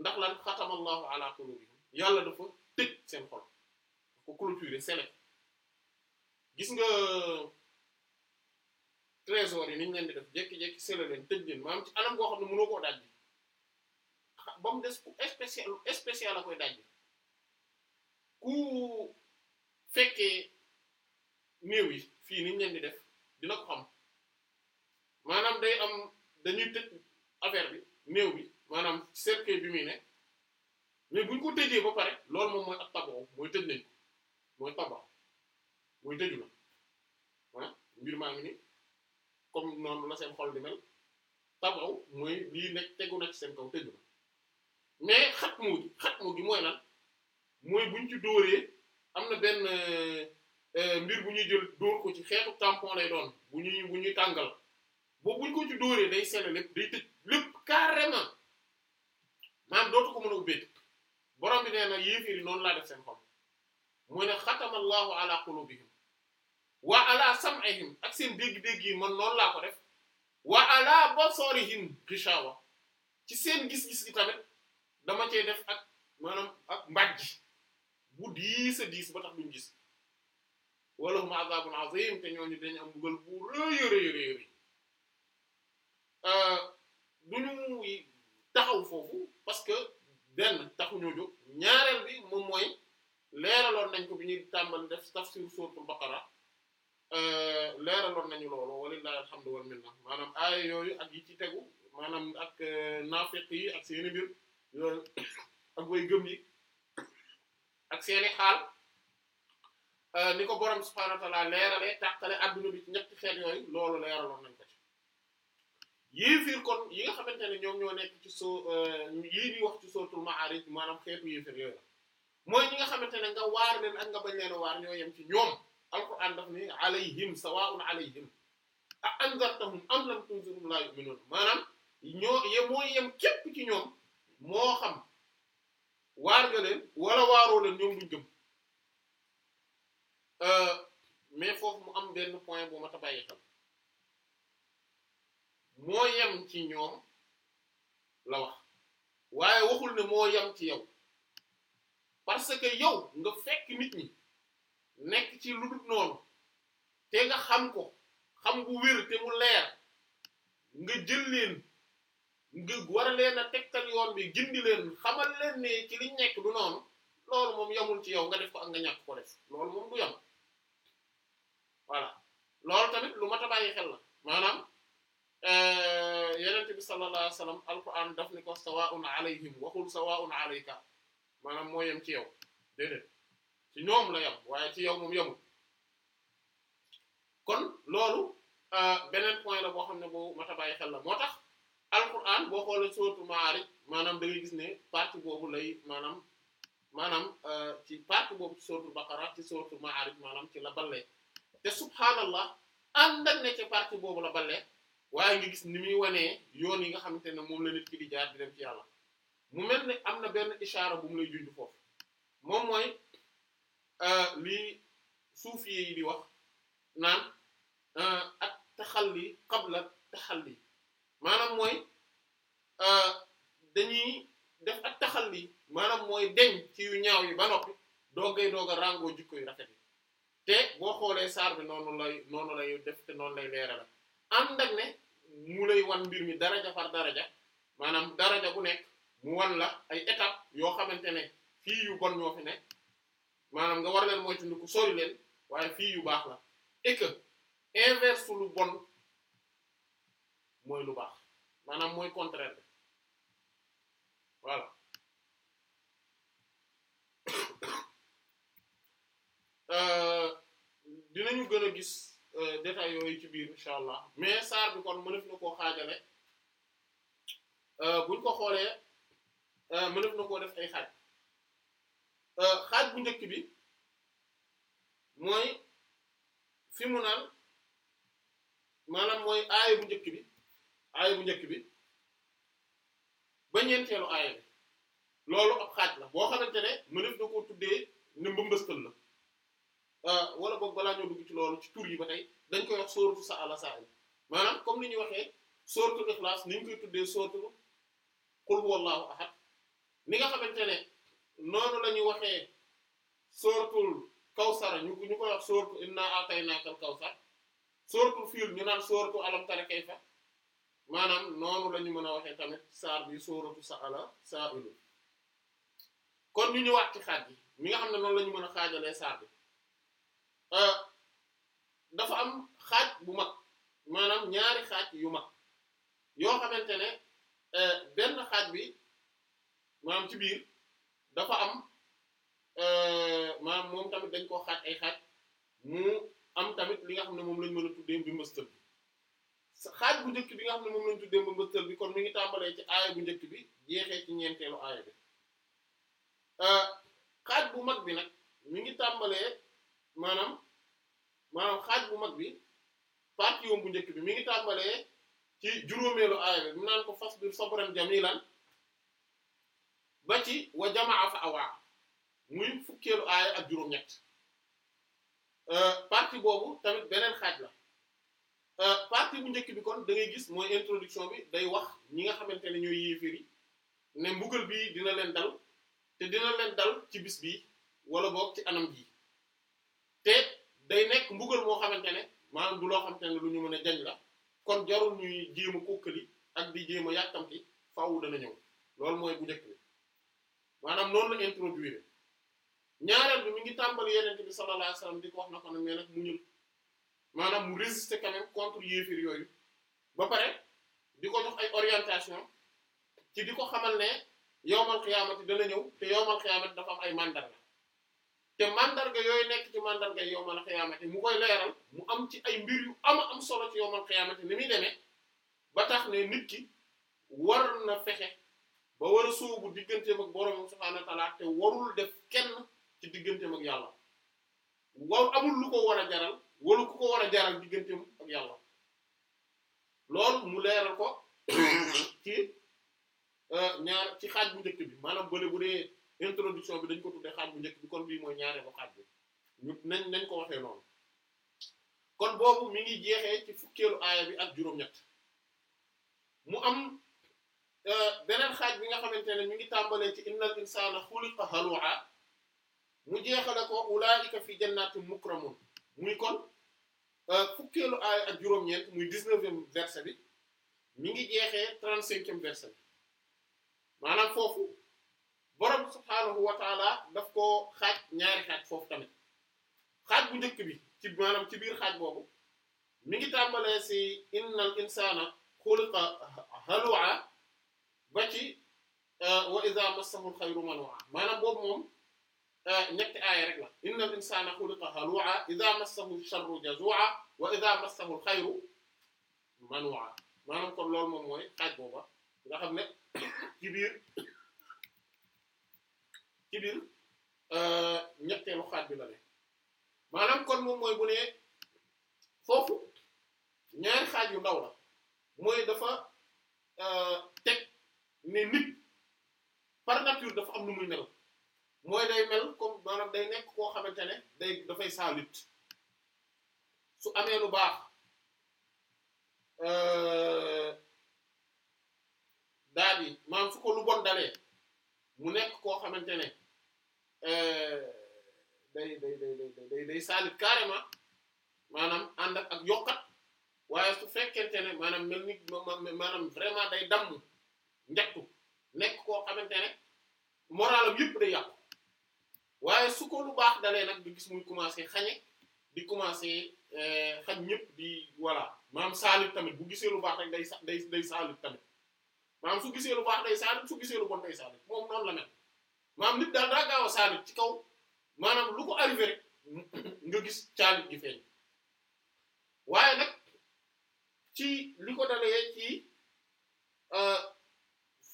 Speaker 1: ndax lan xatamallahu ala qulubihim yàlla dafa tëj seen xol ko clôturer sene gis nga trésor yi ni ñu leen di def jekki-jekki sele leen tëj leen maanaam ci anam goo xam ne mënoo ko daj bi ba mu des ku spécial spécial la koy daj bi ku fekkee néew yi fii niñ ñu leen di def dina ko xam maanaam day am dañuy tëj affaire bi néew yi maanaam cercueil bi muy ne mais bu ñu ko tëjee ba pare loolu moom mooy ak tabax mooy tëj nañ ko mooy tëju na ah mbir maa ngi ni comme noonu la seen xol di mel tabax mooy lii nekk tegu na ci seen kaw tëju na mais xatmu gi xatmu gi mooy lan mooy buñ ci dóoree am na benn euh, euh, mbir bu ñu jël dóor ko ci xeetu tampon lay doon bu ñuy bu ñuy tàngal boobu ko ci dóoree day sell lépp day tëj lépp carrément. maanaam dootu ko mën a ubbeeti borom bi nee na yéeféer noonu laa def seen xol mooy ne xatama allahu ala qulubihim wa ala sam'ihim ak seen dégg-dégg yi man noonu laa ko def wa ala basarihim ghishawa ci seen gis-gis gi tamit dama cee def ak maanaam ak mbàjj bu diis a diis ba tax duñ gis walahum azabun azim te ñooñu dañu am mbugal bu rëy euh, taxaw foofu parce que benn taxuñoo jóg ñaareel bi moom mooy leeraloon nañ ko bi ñuy tàmbali def tafsir suratul baqara euh, leeraloon nañu loolu walillahi alhamdu wal minna maanaam aaya yooyu ak yi ci tegu maanaam ak euh, naafeq yi ak seeni mbir ak way gëm yi ak seeni xaal euh, ni ko borom subhanahu wa ta'ala leeralee tàqale adduna bi ci xeet yooyu loolu leeraloon nañ ko yéefir kon yi nga xamante ne ñoom ñoo nekk ci soo euh, yii ñuy wax ci sootul Ma'ârij maanaam xeetu yéefir yooyu mooy ñi nga xamante ne nga waar leen ak nga bañ leen waar ñoo yem ci ñoom alquran daf ni alayhim sawaa'un alayhim a anzartahum am lam tunzirhum laa yu'minuun maanaam ñoo ye mooy yem képp ci ñoom moo xam waar nga leen wala waaroo leen ñoom duñ gëm euh, mais foofu mu am benn point boo ma ta bàyyi tam moo yem ci ñoom la wax waaye waxul ne moo yam ci yow parce que yow nga fekk nit ñi nekk ci lu dul noonu te nga xam ko xam bu wér te mu leer nga jël leen nga war leen a tegtal yoon bi gindi leen xamal leen ne ci liñ nekk du noonu loolu moom yamul ci yow nga def ko ak nga ñàkk ko def loolu moom du yam voilà loolu tamit lu mat a bàyyi xel la maanaam. Eh, yenente bi sallallahu alayhi wa al alquran daf ni ko sawaa'un alayhim waxul sawaa'un alayka maanaam moo yem ci yow déedéet ci ñoom la yem waaye ci yow moom yemul kon loolu eh, beneen point la boo xam ne bu ma bàyyi xel la moo tax alquran boo xoolee sóotu Maarij maanaam da gis ne partie boobu lay maanaam maanaam eh, ci partie boobu ci sóotu Baqara ci sóotu Maarij maanaam ci la ballee te subhaanallah ànd ak ne ci partie boobu la ballee waaye nga gis ni muy wanee yoon yi nga xamante ne moom la nit ki di jaar di dem ci yàlla mu mel ne am na benn ishaara bu mu lay junj foofu moom mooy euh, lii suufi yi di wax naan euh, ak taxalli qabla taxalli maanaam mooy euh, dañuy def ak taxalli maanaam mooy deñ ci yu ñaaw yi ba noppi doogay doog ràngoo jikko yu rafet yi te boo xoolee saar bi noonu lay noonu lay def te noonu lay leera la ànd ak ne mu lay wan mbir mi daraja far daraja maanaam daraja bu nekk mu wan la ay étape yoo xamante ne fii yu bon ñoo fi nekk maanaam nga war leen moytandiku sori leen waaye fii yu baax la et inverse lu bon mooy lu baax maanaam mooy contraire bi voilà euh, dinañu gën a gis Euh, détails yooyu ci biir incha allah mais saar bi kon mënef na koo xaajale euh, buñ ko xoolee euh, mënef na koo def ay xaaj xaaj bu njëkk bi mooy fi mu naan maanaam mooy aaya bu njëkk bi aaya bu njëkk bi ba ñeenteelu aaya bi loolu ab xaaj la boo xamante ne mënef na koo tuddee ne mbëmbëstal la Euh, wala boog balaa ñoo dugg ci loolu ci tur yi ba tey dañ koy wax sóoratu sa ala sa yi maanaam comme ni ñu waxee sóoratu Ixlaas ni ñu koy tuddee sóoratu qul huwallahu ahad ni nga xamante ne noonu la ñuy waxee sóoratul kawsara ñu ñu koy wax sóoratu inna ataynaakal kawsar sóoratul fiil ñu naan sóoratu alam maanaam noonu la ñu mën a waxee tamit saar bi sóoratu sa ala saa kon ñu ñëwaat ci xaaj yi mi nga xam ne noonu la ñu mën a xaajalee saar bi. Euh, dafa am xaaj bu mag maanaam ñaari xaaj yu mag yoo xamante ne euh, benn xaaj bi maanaam ci biir dafa am euh, maanaam moom tamit dañ koo xaaj ay xaaj mu am tamit li nga xam ne moom lañ mën a tuddee mbëstël bi xaaj bu njëkk bi nga xam ne moom lañ tuddee mbëstël bi kon mi ngi tàmbalee ci aaya bu njëkk bi jeexee ci ñeenteelu aaya bi xaaj bu mag bi nag mu ngi tàmbalee maanaam maanaam xaaj bu mag bi partie yom bu njëkk bi mi ngi tàmbalee ci juróomeelu aaya bi mu naan ko fas bir sabran jamilan ba ci wa jamaa fa awaa muy fukkeelu aaya ak juróom-ñett euh, partie boobu tamit beneen xaaj la euh, partie bu njëkk bi kon da ngay gis mooy introduction bi day wax ñi nga xamante ne ñooy yéeféer yi ne mbugal bii dina leen dal te dina leen dal ci bis bii wala boog ci anam bii te day nekk mbugal moo xamante ne maanaam du loo xamante ne lu ñu mën a jañ la kon jarul ñuy jéema a kokkali ak di jéem a yàkkamti faaw dana ñëw loolu mooy bu njëkk bi maanaam loolu la introduire ñaareel bi mu ngi tàmbali yeneen bi sallallahu alayhi wasallam di ko wax na ko ne mais nag maanaam mu résister quand même contre yéefir yooyu ba pare di ko jox ay orientation ci di ko xamal ne yowmal xiyaamati dana ñëw te yowmal xiyaamati dafa am ay mandat te màndarga yooyu nekk ci mandarga yi yowmal xiyaamati mu koy leeral mu am ci ay mbir yu ama am solo ci yowmal xiyaamati ni muy demee ba tax ne nit ki war na fexe ba wara a sóobu digganteem ak boroom subhaanahu wa te warul def kenn ci digganteem ak yàlla war amul lu ko war a jaral warul ku ko war a jaral digganteem ak yàlla loolu mu leeral ko ci euh, ñaar ci xaaj bu njëkk bi maanaam bële bu dee. introduction bi dañ ko tuddee xaaj bu njëkk bi kon bii mooy ñaareelu xaaj bi ñu nañ nañ ko waxee noonu kon boobu mi ngi jeexee ci fukkeelu aaya bi ak juróom-ñett mu am euh, beneen xaaj bi nga xamante ne mi ngi tàmbalee ci innal insana xuliqa halu'a mu jeexale ko ulaa'ika fi jannatin mukramun muy kon euh, fukkeelu aaya ak juróom-ñeent muy dix-neuvième bi mu ngi jeexee trente-cinquième verset bi maanaam foofu borom subhaanahu wa daf ko xaaj ñaari xaaj foofu tamit xaaj bu njëkk bi ci maanaam ci biir xaaj boobu mi ngi tàmbalee si innal insana xuliqa halua ci euh, wa idha massahu alxayru manua maanaam boobu moom euh, ñetti aaya rek la innal insana xuliqa halua idha massahu sharru jazua wa massahu alxayru manua maanaam kon loolu moom mooy xaaj booba nga xam ne ci biir ci biir euh, ñetteelu xaaj bi la ne maanaam kon moom mooy bu ne foofu ñaari xaaj yu ndaw la mooy dafa euh, teg ne nit par nature dafa am lu muy mel mooy day mel comme maanaam day nekk koo xamante ne day dafay saalit su amee lu baax euh, daal yi maanaam su ko lu bon dalee mu nekk koo xamante ne Eh, day day day day day saalit carrément maanaam ànd ak ak yokkat waaye su fekkente ne maanaam mel ni maanaam vraiment day damm njattu nekk koo xamante ne moralam yëpp day yàqu waaye su ko lu baax dalee nag di gis muy commencé xañe di commencé eh, xañ ñëpp di voilà maanaam saalit tamit bu gisee lu baax rek day day day saalit tamit maanaam su gisee lu baax day saalit su gisee lu bon day saalit moom noonu la mel maanaam nit daal daa gaaw a saalit ci kaw maanaam lu ko arrivé rek nga gis caalit gi feeñ waaye nag ci li ko dalee ci euh,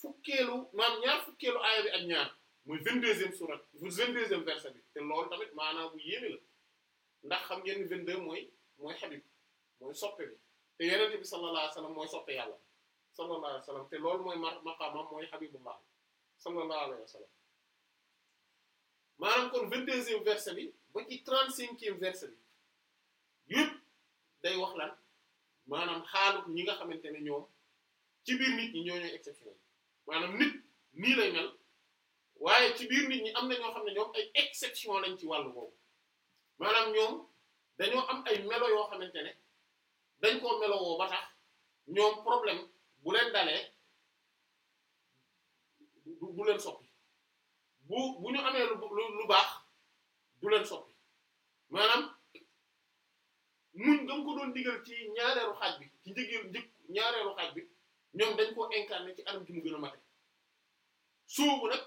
Speaker 1: fukkeelu maam ñaar fukkeelu aaya bi ak ñaar muy vingt deuxième sourate vingt deuxième verset bi te loolu tamit maanaam bu yéeme la ndax xam ngeen ni vingt deux mooy mooy xabib mooy soppe bi te yenente bi sallallahu alayhi mooy soppe yàlla sallallahu alayhi wasallam te loolu mooy ma maqaamam mooy xabibullah sallallahu alayhi wasallam maanaam kon vingt deuxième verset bi ba ci trente cinquième verset bi yëpp day wax lan maanaam xaalut ñi nga xamante ne ñoom ci biir nit ñi ñoo ñooy exceptionnel maanaam nit nii lay mel waaye ci biir nit ñi am na ñoo xam ne ñoom ay exception lañ ci wàllu boobu maanaam ñoom dañoo am ay melo yoo xamante ne dañ koo melowoo ba tax ñoom problème bu leen dalee du leen soppi bu bu ñu amee lu lu baax du leen soppi maanaam muñ gam ko doon digal ci ñaareelu xaaj bi ci njëgeel njëg ñaareelu xaaj bi ñoom dañ koo incarné ci anam ci mu gën a mate soobu nag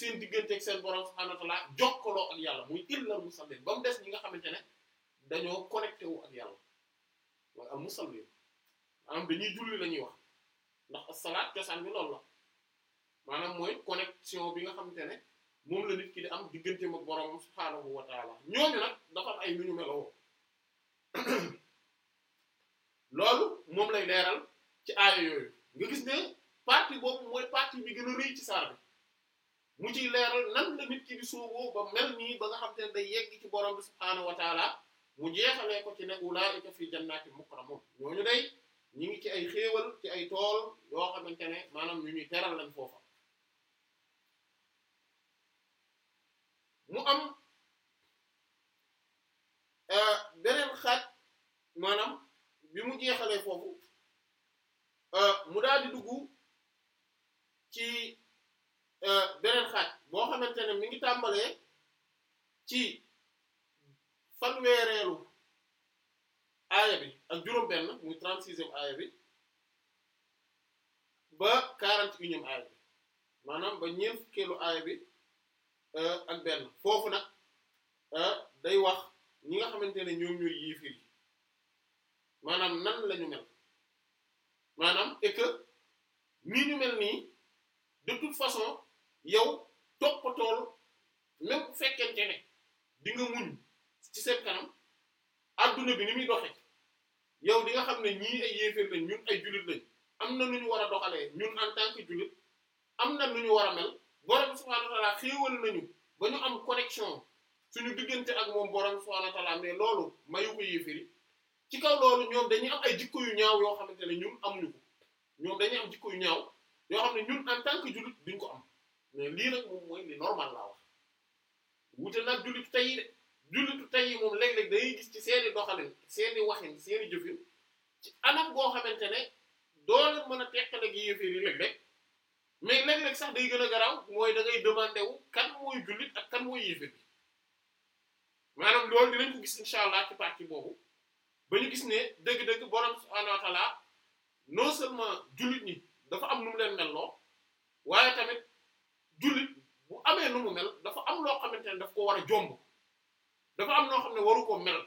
Speaker 1: seen diggante ak seen borom subhanahu wa ta'ala jokkaloo ak yàlla muy mu musallin ba mu des ñi nga xamante ne dañoo connecté wu ak yàlla mooy mu musallin maanaam dañuy julli la ñuy wax ndax as-salaat cosaan bi loolu la maanaam mooy connexion bi nga xamante ne moom la nit ki di am diggante ak boroomam subhaanahu wa taala ñooñu nag dafa ay nu ñu meloo loolu moom lay leeral ci aaya yooyu nga gis ne partie boobu mooy partie bi gën a rëy ci saar bi mu ciy leeral nan la nit ki di sooboo ba mel nii ba nga xam te ne day yegg ci borom bi subhaanahu wa taala mu jeexalee ko ci ne ulaa'ika fi jannaati mukramun ñooñu day ñi ngi ci ay xéewal ci ay tool yoo xamante ne maanaam ñu ñuy teral lañ foofa mu am euh, beneen xaaj maanaam bi mu jeexalee foofu euh, mu daal di ci euh, beneen xaaj boo xamante ne mi ngi tàmbalee ci fanweereelu aaya bi ak juróom-benn muy trente aaya bi ba quarante et unième aaya bi maanaam ba ñeent fukkeelu aaya bi Euh, ak benn foofu nag euh, day wax ñi nga xamante ne ñoom ñooy yéefir yi maanaam nan lañu ñu mel maanaam et nii ñu mel nii de toute façon yow toppatool même bu fekkente ne dinga nga muñ ci seen kanam adduna bi ni muy doxe yow di nga xam ne ñii ay yéeféer lañ ñun ay jullit lañ am na nu ñu war a doxalee ñun en tant que jullit am na nu ñu war a mel borom subhaanahu wa ta'ala xéewal nañu ba ñu am connexion suñu diggante ak moom borom subhaanahu wa ta'ala mais loolu mayu ko yéefari ci kaw loolu ñoom dañuy am ay jikko yu ñaaw yoo xamante ne ñun amuñu ñoom dañuy am jikko yu ñaaw yoo xam ne ñun en tant que jullit duñ ko am mais lii nag moom mooy li normal laa wax wute nag jullitu tey de jullitu tey moom léeg-léeg dañuy gis ci seeni doxalin seeni waxin seeni jëfin ci anam goo xamante ne doo leen mën a teqale gi yi léeg-léeg mais léeg-léeg sax day gën a garaaw mooy da ngay demandé wu kan mooy jullit ak kan mooy yéefér bi maanaam loolu dinañ ko gis incha allah ci partie boobu ba ñu gis ne dëgg-dëgg borom subhaanahu wa taala non seulement jullit ñi dafa am lu mu leen mel loo waaye tamit jullit bu amee nu mu mel dafa am loo xamante ne daf ko war a jomb dafa am noo xam ne waru ko mel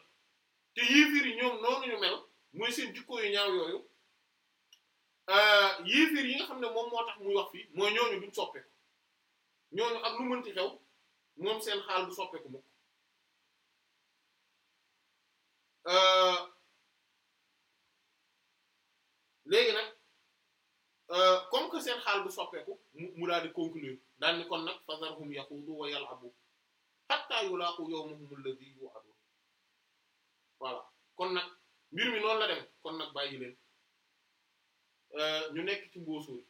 Speaker 1: te yéefér yi ñoom noonu ñu mel mooy seen jikko yu ñaaw yooyu Euh, yéeféer yi nga xam ne moom moo tax mu wax fii mooy ñooñu duñ soppeeku ñooñu ak lu mënti xew moom seen xaal du soppeeku mukk euh, léegi nag euh, comme que seen xaal du soppeeku mu mu daal di conclure daal ni kon nag fazarhum yaxuudu wa yal'abu hatta yulaaqu yawmahum alladhi yu'adun kon nag mbir mi noonu la dem kon nag bàyyi leen ñu nekk ci mboosuur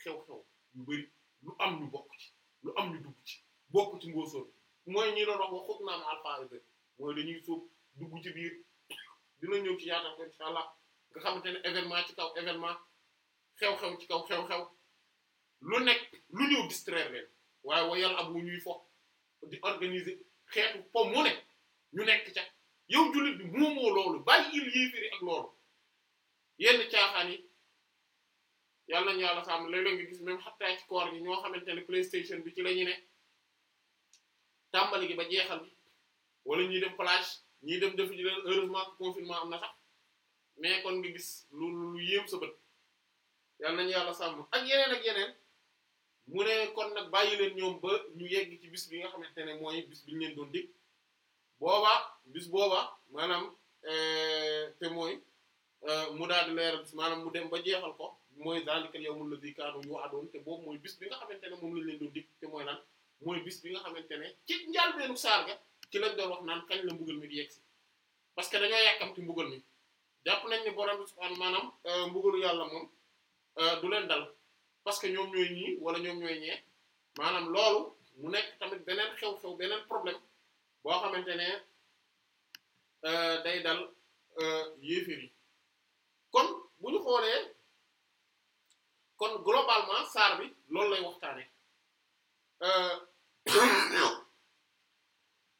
Speaker 1: xew-xew yu bari lu am ñu bokk ci lu am ñu dugg ci bokk ci mboosuur mooy ñi doon wax wa xut naam alpharisé mooy dañuy sóob dugg ci biir dina ñëw ci yaatal ko insha allah nga xamante ne événement ci kaw événement xew-xew ci kaw xew-xew lu nekk lu ñëw distraire leen waaye wa yàlla abu ñuy fo di organiser xeetu po mu ne ñu nekk ca yow jullit bi moomoo loolu bàyyi il yéefiri ak loolu yenn caaxaan yi yàlla nañu yàlla sàmm léeg-léeg nga gis même xataa ci koor gi ñoo xamante ne PlayStation bi ci la ñu ne tàmbali gi ba jeexal bi wala ñuy dem plage ñuy dem defu ji leen heureusement confinement am na sax mais kon nga gis lu lu yéem sa bët yàlla nañu yàlla sàmm ak yeneen ak yeneen mu ne kon nag bàyyi leen ñoom ba ñu yegg ci bis bi nga xamante ne mooy bis bi ñu leen doon dig booba bis booba maanaam euh, te mooy. Euh, mu daal di leeral maanaam mu dem ba jeexal ko mooy zaalikal yawmul lazii kaanu yu'aduun te boobu mooy bis bi nga xamante ne moom lañ leen doon dig te mooy lan mooy bis bi nga xamante ne ci njàlbeenu saar ga ci la doon wax naan kañ la mbugal mi di yegsi parce que dañoo yàkkamti mbugal mi jàpp nañ ne borom bi subhaanahu maanaam euh, mbugalu yàlla moom euh, du leen dal parce que ñoom ñooy ñii wala ñoom ñooy ñee maanaam loolu mu nekk tamit beneen xew-xew beneen problème boo xamante ne day dal yéeféer kon bu ñu xoolee kon globalement saar bi loolu lay waxtaane euh,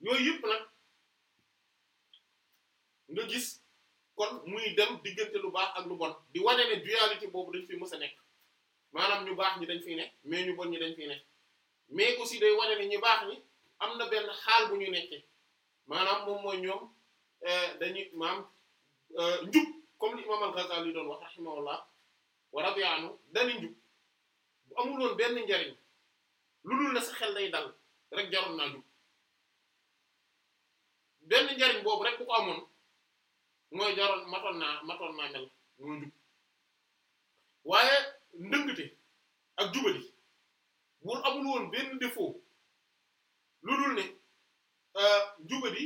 Speaker 1: yooyu yëpp na nga gis kon muy dem diggante lu baax ak lu bon di wane ne dualité boobu dañ fi mës a nekk maanaam ñu baax ñi dañ fi ne mais ñu bon ñi dañ fiy nekk mais aussi day wane ne ñu baax ñi am na benn xaal bu ñuy nekkee maanaam moom mooy ñoom euh, dañuy maam euh, njub comme li imam al-Ghazali doon wax rahimahullah wa radiya anhu dani njub bu amul benn njariñ lu dul ne sa xel day dal rek jaroon naa benn njariñ boobu rek bu amoon mooy jaroon matoon naa mel mooy njub waaye ndëngte ak jubali bu amul woon benn défaut lu dul ne euh, jubali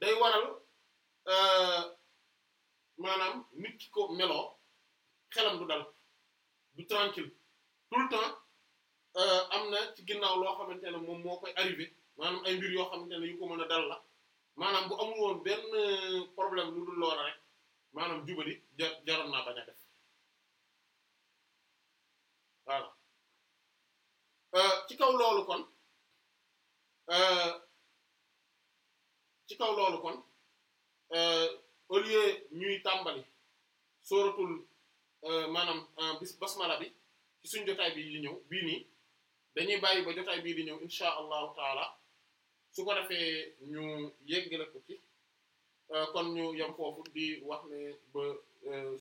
Speaker 1: day waral euh, maanaam nit ki ko meloo xelam du dal du tranquille tout le temps euh, am na ci ginnaaw loo xamante ne moom moo koy arrivé maanaam ay mbir yoo xamante ne yu ko mën a dal la maanaam bu amul woon benn euh, problème lu dul loola rek maanaam jubali ja jaroon naa bañ def voilà euh, ci kaw loolu kon ci kaw loolu kon. au ñuy tàmbali sooratul euh, maanaam euh, bis basmala bi ci suñ jotaay bi yi ñëw bii nii dañuy bàyyi ba jotaay bii di ñëw insha allahu taala su ko defee ñu
Speaker 2: yeggale ko ci euh, kon ñu yam foofu di wax ne ba